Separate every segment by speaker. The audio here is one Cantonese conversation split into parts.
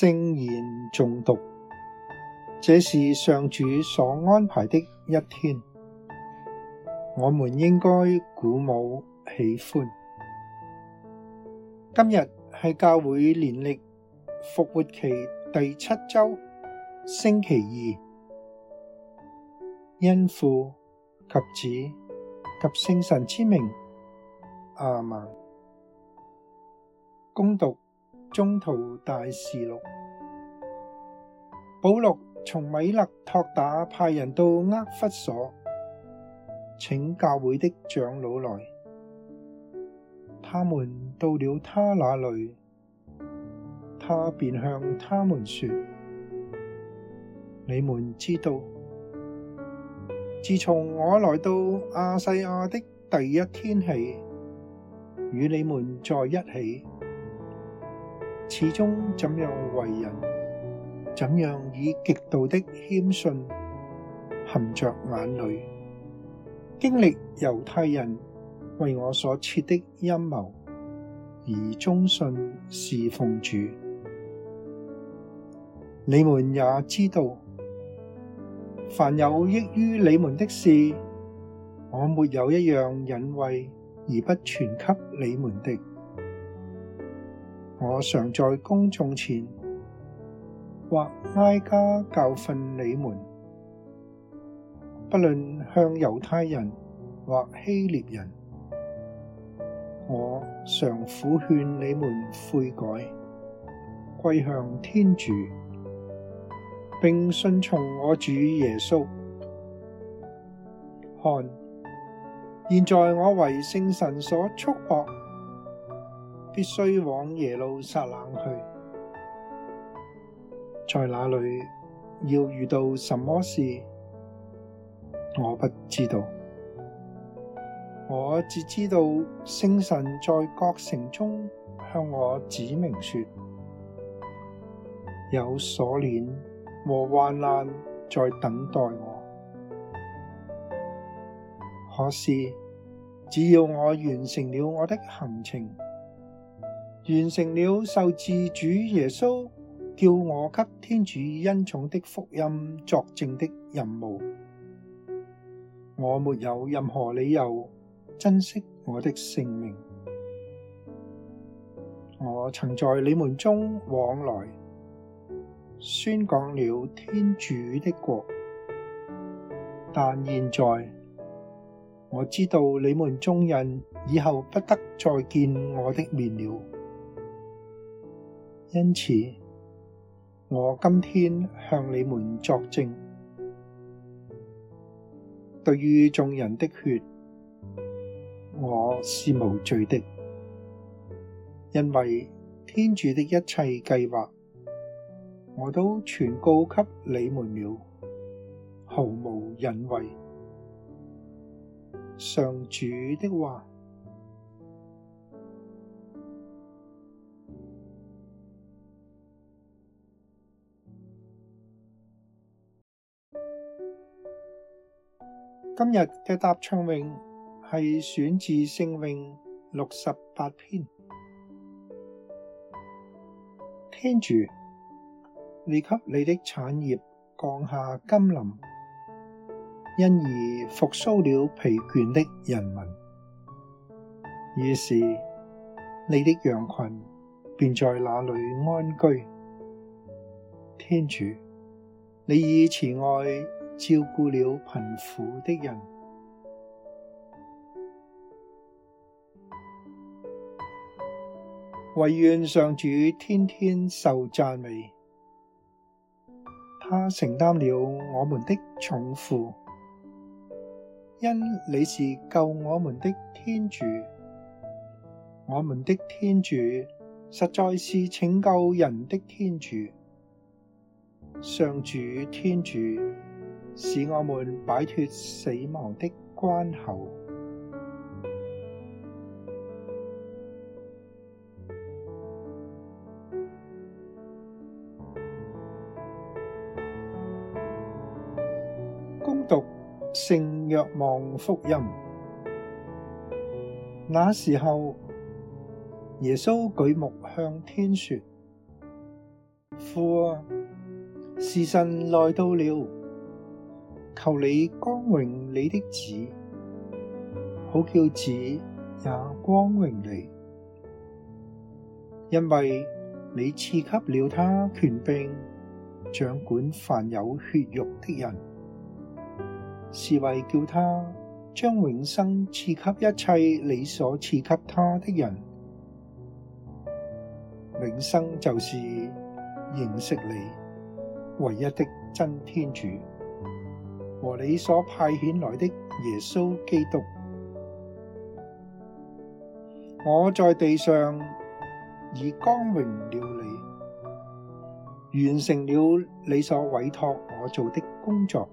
Speaker 1: 聖言誦讀，這是上主所安排的一天，我們應該鼓舞喜歡。今日係教會年曆復活期第七周星期二，因父及子及聖神之名，阿們。恭讀宗徒大事錄。保羅從米肋托打派人到厄弗所，請教會的長老來。他們到了他那裏，他便向他們說：你們知道，自從我來到亞細亞的第一天起，與你們在一起，始終怎樣為人。怎樣以極度的謙遜含着眼淚，經歷猶太人為我所設的陰謀而忠信事奉主。你們也知道，凡有益於你們的事，我沒有一樣隱諱而不傳給你們的。我常在公眾前。或挨家教訓你們，不論向猶太人或希臘人，我常苦勸你們悔改，歸向天主，並信從我主耶穌。看，現在我為聖神所束縛，必須往耶路撒冷去。在那裏要遇到什麼事，我不知道。我只知道聖神在各城中向我指明說，有鎖鏈和患難在等待我。可是，只要我完成了我的行程，完成了受自主耶穌。叫我給天主恩寵的福音作證的任務，我沒有任何理由珍惜我的性命。我曾在你們中往來，宣講了天主的國，但現在我知道你們眾人以後不得再見我的面了，因此。我今天向你們作證，對於眾人的血，我是無罪的，因為天主的一切計劃，我都傳告給你們了，毫無隱諱。上主的話。今日嘅答唱詠係選自聖詠六十八篇。天主，你給你的產業降下甘霖，因而復甦了疲倦的人民。於是，你的羊群便在那裏安居。天主，你以慈愛。照顧了貧苦的人，惟願上主天天受讚美。他承擔了我們的重負，因你是救我們的天主，我們的天主實在是拯救人的天主，上主天主。使我們擺脫死亡的關口，攻讀《聖約望福音》，那時候耶穌舉目向天說：父啊，時辰來到了。求你光榮你的子，好叫子也光榮你，因為你賜給了他權柄，掌管凡有血肉的人，是為叫他將永生賜給一切你所賜給他的人。永生就是認識你，唯一的真天主。和你所派遣來的耶穌基督，我在地上已光榮了你，完成了你所委託我做的工作。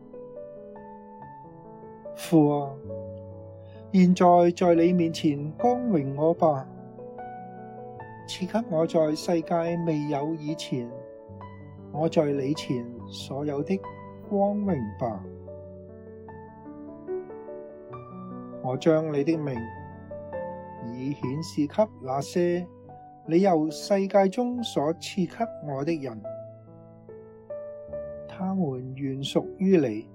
Speaker 1: 父啊，現在在你面前光榮我吧，賜給我在世界未有以前我在你前所有的光榮吧。我將你的名已顯示給那些你由世界中所賜給我的人，他們原屬於你，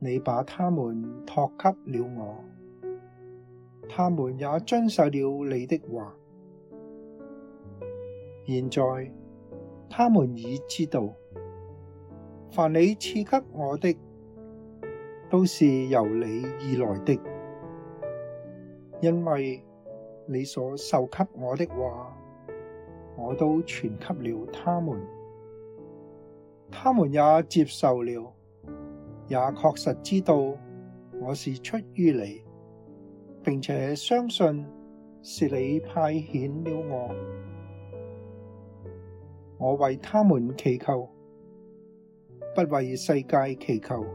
Speaker 1: 你把他們託給了我，他們也遵守了你的話。現在他們已知道，凡你賜給我的。都是由你而來的，因為你所授給我的話，我都傳給了他們，他們也接受了，也確實知道我是出於你，並且相信是你派遣了我。我為他們祈求，不為世界祈求。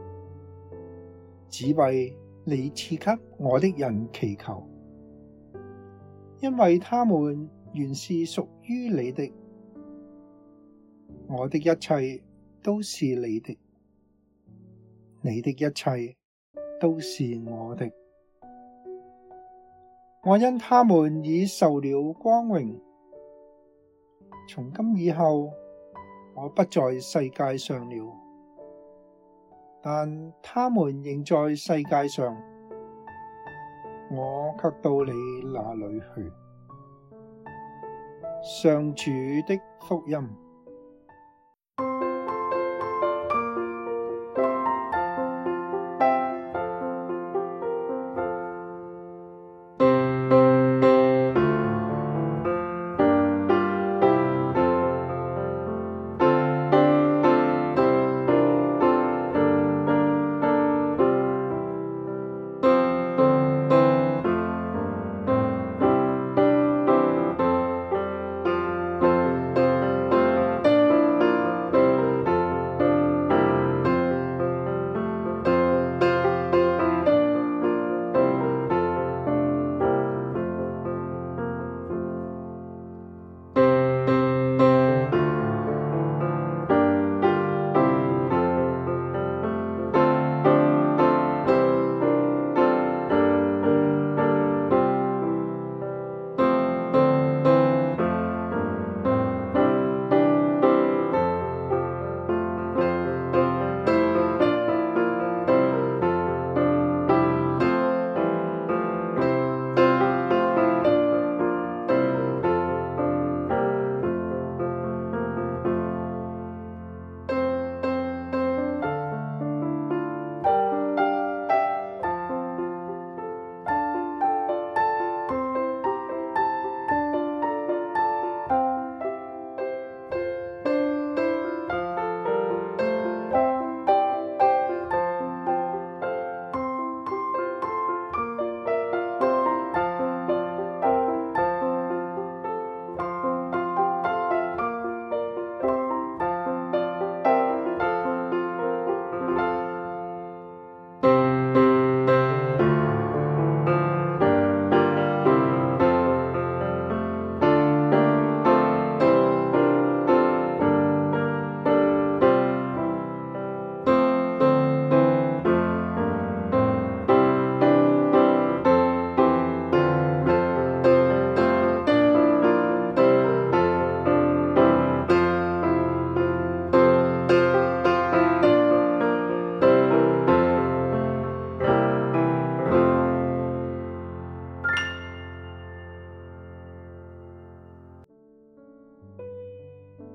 Speaker 1: 只為你賜給我的人祈求，因為他們原是屬於你的。我的一切都是你的，你的一切都是我的。我因他們已受了光榮，從今以後我不在世界上了。但他們仍在世界上，我卻到你那裏去。上主的福音。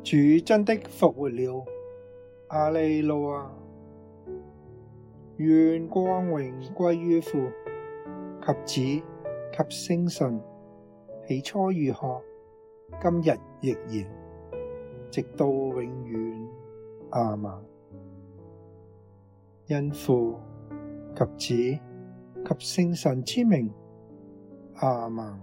Speaker 1: 主真的復活了，阿利路亞、啊！願光榮歸於父及子及聖神，起初如何，今日亦然，直到永遠，阿們。因父及子及聖神之名，阿們。